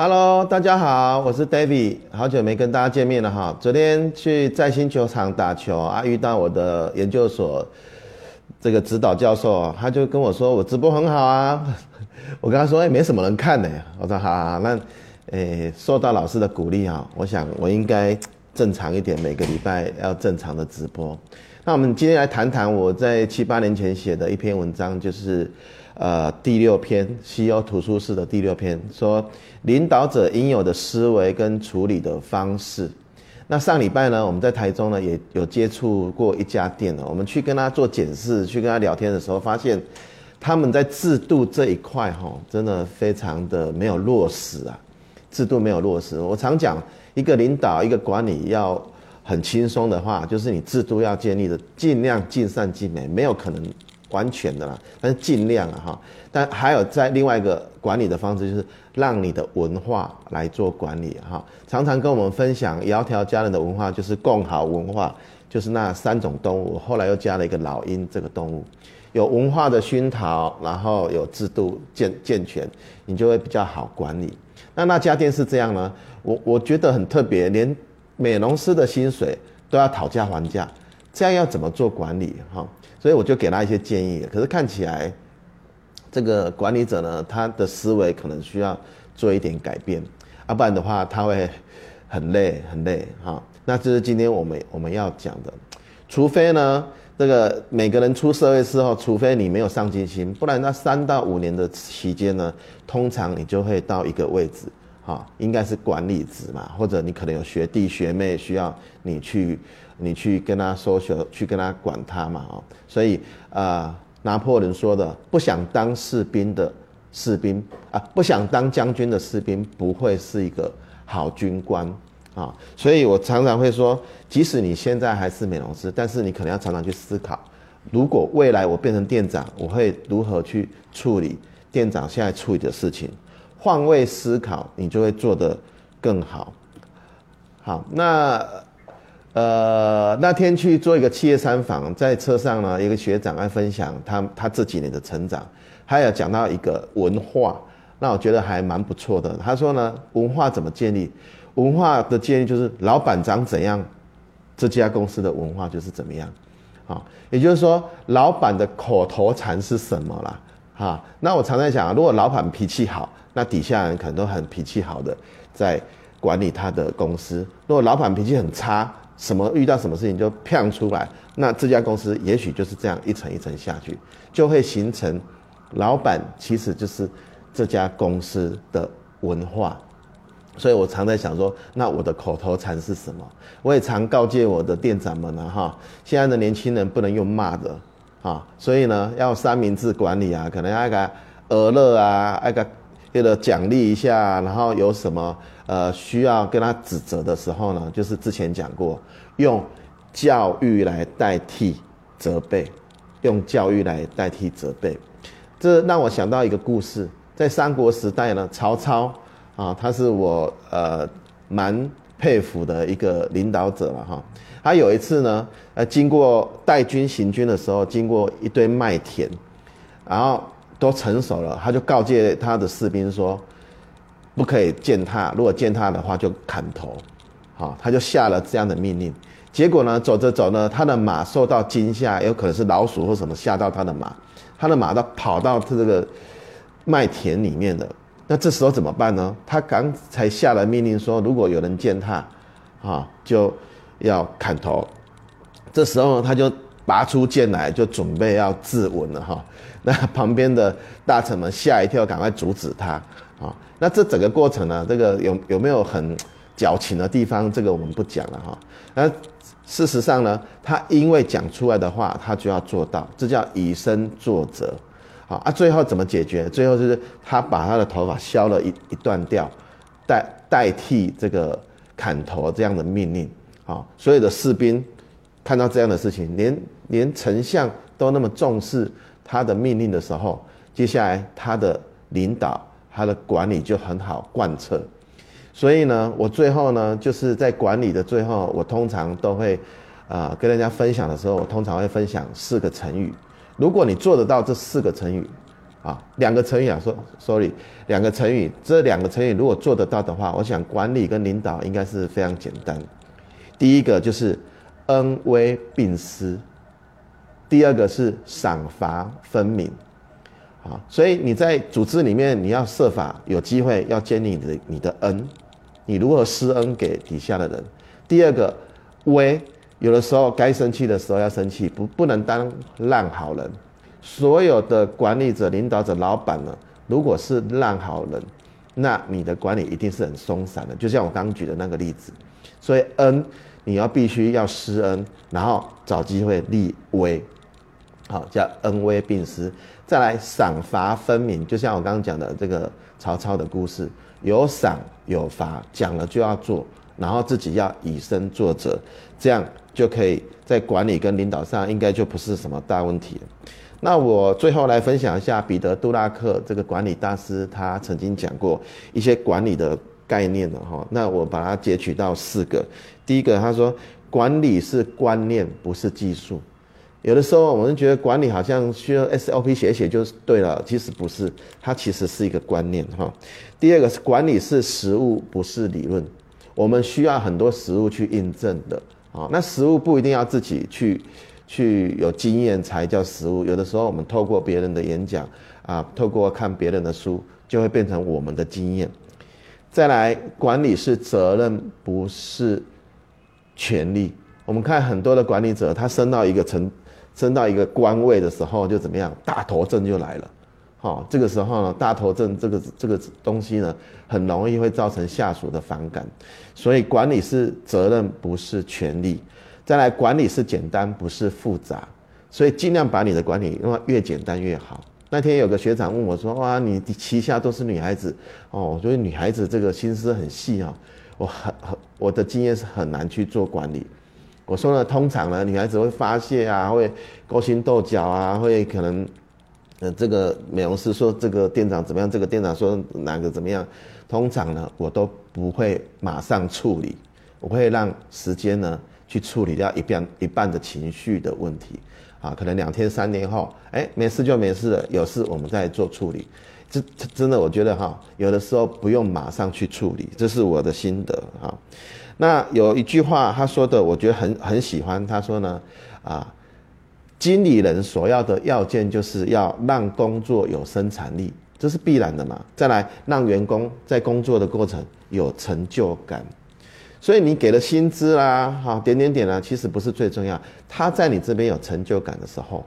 Hello，大家好，我是 David，好久沒跟大家見面了哈。昨天去在星球場打球啊，遇到我的研究所這個指導教授，他就跟我說我直播很好啊。我跟他說，誒、欸、沒什麼人看呢、欸。我說好、啊，那，誒、欸、受到老師的鼓勵哈，我想我應該正常一點，每個禮拜要正常的直播。那我們今天來談談我在七八年前寫的一篇文章，就是。呃，第六篇《CEO 圖書室》的第六篇說，領導者應有的思維跟處理的方式。那上禮拜呢，我們在台中呢也有接觸過一家店，我們去跟他做檢視，去跟他聊天的時候，發現他們在制度這一塊，哈、哦，真的非常的沒有落實啊，制度沒有落實。我常講，一個領導、一個管理要很輕鬆的話，就是你制度要建立的盡量盡善盡美，沒有可能。完全的啦，但是盡量啊哈。但還有在另外一個管理的方式，就是讓你的文化來做管理，哈、啊。常常跟我們分享，窈窕佳人的文化就是共好文化，就是那三種動物，後來又加了一個老鷹這個動物。有文化的熏陶，然後有制度健健全，你就會比較好管理。那那家店是這樣呢？我我覺得很特別，連美容師的薪水都要討價還價。這樣要怎麼做管理哈？所以我就給他一些建議。可是看起來，這個管理者呢，他的思維可能需要做一點改變啊，不然的話他會很累很累哈。那這是今天我們我們要講的。除非呢，這個每個人出社會之後，除非你沒有上進心，不然那三到五年的期間呢，通常你就會到一個位置。啊，應該是管理職嘛，或者你可能有學弟學妹需要你去，你去跟他說學，去跟他管他嘛，哦，所以啊，呃，拿破崙說的，不想當士兵的士兵啊，不想當將軍的士兵不會是一個好軍官啊，所以我常常會說，即使你現在還是美容師，但是你可能要常常去思考，如果未來我變成店長，我會如何去處理店長現在處理的事情。換位思考，你就會做得更好。好，那呃那天去做一個企業專訪，在車上呢，一個學長來分享他他這幾年的成長，他有講到一個文化，那我覺得還蠻不錯的。他說呢，文化怎麼建立？文化的建立就是老闆長怎樣，這家公司的文化就是怎麼樣。啊，也就是說，老闆的口頭禪是什麼啦？啊，那我常常講，如果老闆脾氣好。那底下人可能都很脾氣好的，在管理他的公司。如果老闆脾氣很差，什麼遇到什麼事情就嗆出來，那這家公司也許就是這樣一層一層下去，就會形成老闆其實就是這家公司的文化。所以我常在想說，那我的口頭禪是什麼？我也常告誡我的店長們呢，哈，現在的年輕人不能用罵的，啊，所以呢，要三明治管理啊，可能要一個鵝樂啊，那個。為了獎勵一下，然後有什麼呃，需要跟他指責的時候呢？就是之前講過，用教育來代替責備，用教育來代替責備。這讓我想到一個故事，在三國時代呢，曹操啊，他是我呃蠻佩服的一個領導者了哈、啊。他有一次呢，呃、啊，經過帶軍行軍的時候，經過一堆麥田，然後。都成熟了，他就告誡他的士兵說，不可以踐踏，如果踐踏的話就砍頭，好、哦，他就下了這樣的命令。結果呢，走着走呢，他的馬受到驚嚇，有可能是老鼠或什麼嚇到他的馬，他的馬都跑到他這個麥田裡面了。那這時候怎麼辦呢？他剛才下了命令說，如果有人踐踏，好、哦，就要砍頭。這時候呢，他就。拔出劍來，就準備要自刎了哈。那旁邊的大臣們嚇一跳，趕快阻止他啊。那這整個過程呢，這個有有沒有很矯情的地方？這個我們不講了哈。那事實上呢，他因為講出來的話，他就要做到，這叫以身作則。好啊，最後怎麼解決？最後就是他把他的頭髮削了一一段掉，代代替這個砍頭這樣的命令啊。所有的士兵，看到這樣的事情，連連丞相都那麼重視他的命令的時候，接下來他的領導、他的管理就很好貫徹。所以呢，我最後呢，就是在管理的最後，我通常都會啊、呃、跟大家分享的時候，我通常會分享四個成語。如果你做得到這四個成語啊，兩個成語啊，說 sorry，兩個成語，這兩個成語如果做得到的話，我想管理跟領導應該是非常簡單。第一個就是。恩威並施，第二個是賞罰分明。啊，所以你在組織裡面，你要設法有機會要建立你的你的恩，你如何施恩給底下的人。第二個威，有的時候該生氣的時候要生氣，不不能當爛好人。所有的管理者、領導者、老闆呢，如果是爛好人，那你的管理一定是很鬆散的。就像我剛舉的那個例子，所以恩。你要必須要施恩，然後找機會立威，好叫恩威並施，再來賞罰分明。就像我剛剛講的這個曹操的故事，有賞有罰，講了就要做，然後自己要以身作則，這樣就可以在管理跟領導上應該就不是什麼大問題了。那我最後來分享一下彼得·杜拉克這個管理大師，他曾經講過一些管理的概念的哈。那我把它截取到四個。第一個，他說管理是觀念，不是技術。有的時候我們覺得管理好像需要 SOP 寫寫就對了，其實不是，它其實是一個觀念哈。第二個是管理是實務，不是理論。我們需要很多實務去印證的啊。那實務不一定要自己去去有經驗才叫實務，有的時候我們透過別人的演講啊，透過看別人的書，就會變成我們的經驗。再來，管理是責任，不是。權力，我們看很多的管理者，他升到一個層，升到一個官位的時候，就怎麼樣，大頭症就來了。好、哦，這個時候呢，大頭症這個這個東西呢，很容易會造成下屬的反感。所以管理是責任，不是權力。再來，管理是簡單，不是複雜。所以盡量把你的管理，因為越簡單越好。那天有個學長問我說：“哇，你旗下都是女孩子，哦，我覺得女孩子這個心思很細啊、哦。”我很很我的經驗是很難去做管理，我說呢，通常呢，女孩子會發泄啊，會勾心鬥角啊，會可能，呃，這個美容師說這個店長怎麼樣，這個店長說哪個怎麼樣，通常呢，我都不會馬上處理，我會讓時間呢去處理掉一半一半的情緒的問題，啊，可能兩天三年後，哎、欸，沒事就沒事了，有事我們再做處理。這這真的，我覺得哈，有的時候不用馬上去處理，這是我的心得啊。那有一句話他說的，我覺得很很喜歡。他說呢，啊，經理人所要的要件就是要讓工作有生產力，這是必然的嘛。再來，讓員工在工作的過程有成就感，所以你給了薪資啦，哈，點點點啦、啊，其實不是最重要。他在你這邊有成就感的時候，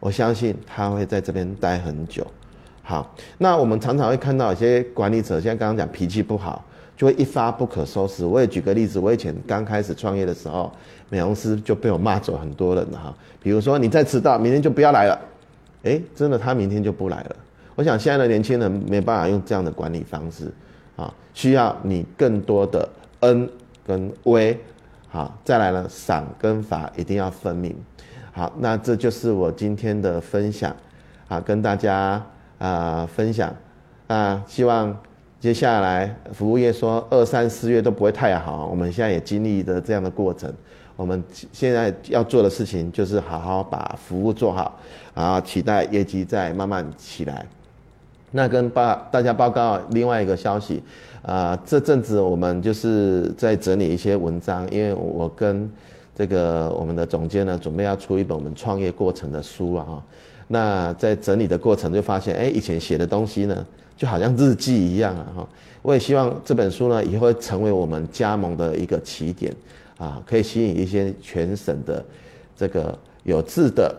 我相信他會在這邊待很久。好，那我們常常會看到一些管理者，像剛剛講脾氣不好，就會一發不可收拾。我也舉個例子，我以前剛開始創業的時候，美容師就被我罵走很多人了哈。比如說你再遲到，明天就不要來了。哎，真的，他明天就不來了。我想現在的年輕人沒辦法用這樣的管理方式，啊，需要你更多的恩跟威。好，再來呢，賞跟罰一定要分明。好，那這就是我今天的分享，啊，跟大家。啊、呃，分享啊、呃，希望接下來服務業說二三四月都不會太好，我們現在也經歷的著這樣的過程。我們現在要做的事情就是好好把服務做好，然後期待業績再慢慢起來。那跟報大家報告另外一個消息，啊、呃，這陣子我們就是在整理一些文章，因為我跟這個我們的總監呢，準備要出一本我們創業過程的書啊。那在整理的過程就發現，哎、欸，以前寫的東西呢，就好像日記一樣啊。哈，我也希望這本書呢，以後會成為我們加盟的一個起點，啊，可以吸引一些全省的這個有志的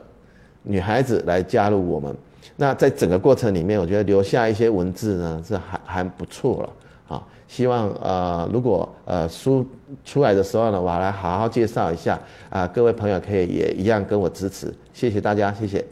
女孩子來加入我們。那在整個過程裡面，我覺得留下一些文字呢，是還還不錯了啊。希望呃，如果呃書出來的時候呢，我來好好介紹一下啊，各位朋友可以也一樣跟我支持，謝謝大家，謝謝。